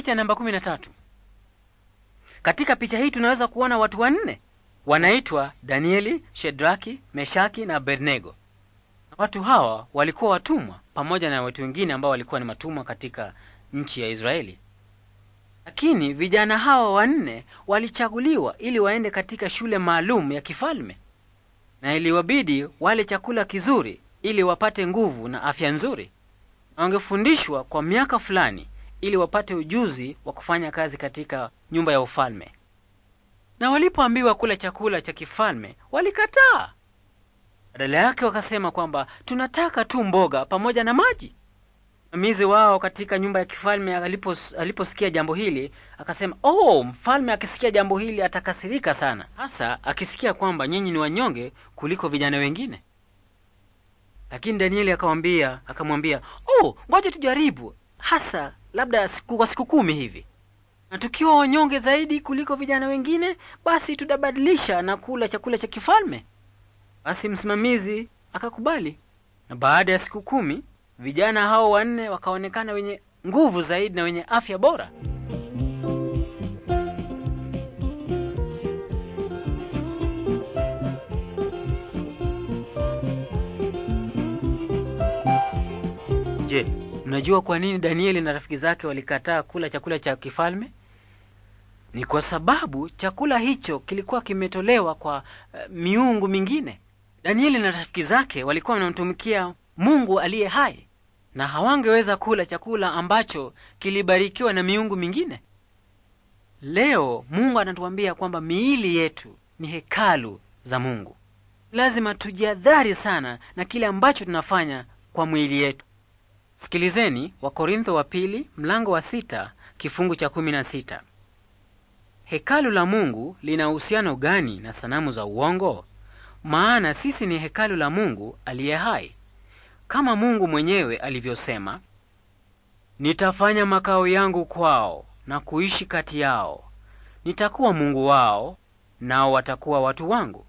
Picha namba kumi na tatu. Katika picha hii tunaweza kuona watu wanne wanaitwa Danieli, Shedraki, Meshaki na Abednego. Watu hawa walikuwa watumwa pamoja na watu wengine ambao walikuwa ni matumwa katika nchi ya Israeli, lakini vijana hawa wanne walichaguliwa ili waende katika shule maalum ya kifalme na iliwabidi wale chakula kizuri ili wapate nguvu na afya nzuri, na wangefundishwa kwa miaka fulani ili wapate ujuzi wa kufanya kazi katika nyumba ya ufalme. Na walipoambiwa kula chakula cha kifalme walikataa. Badala yake wakasema kwamba tunataka tu mboga pamoja na maji. Msimamizi wao katika nyumba ya kifalme aliposikia alipo jambo hili akasema, oh, mfalme akisikia jambo hili atakasirika sana, hasa akisikia kwamba nyinyi ni wanyonge kuliko vijana wengine. Lakini Danieli akamwambia akamwambia, oh, ngoja tujaribu, hasa labda siku kwa siku kumi hivi, na tukiwa wanyonge zaidi kuliko vijana wengine, basi tutabadilisha na kula chakula cha kifalme. Basi msimamizi akakubali, na baada ya siku kumi vijana hao wanne wakaonekana wenye nguvu zaidi na wenye afya bora. nje. mnajua kwa nini Danieli na rafiki zake walikataa kula chakula cha kifalme? Ni kwa sababu chakula hicho kilikuwa kimetolewa kwa uh, miungu mingine. Danieli na rafiki zake walikuwa wanamtumikia Mungu aliye hai na hawangeweza kula chakula ambacho kilibarikiwa na miungu mingine. Leo Mungu anatuambia kwamba miili yetu ni hekalu za Mungu. Lazima tujiadhari sana na kile ambacho tunafanya kwa mwili yetu. Sikilizeni Wakorintho wa pili mlango wa sita kifungu cha kumi na sita. Hekalu la Mungu lina uhusiano gani na sanamu za uongo? Maana sisi ni hekalu la Mungu aliye hai, kama Mungu mwenyewe alivyosema, nitafanya makao yangu kwao na kuishi kati yao, nitakuwa Mungu wao, nao watakuwa watu wangu.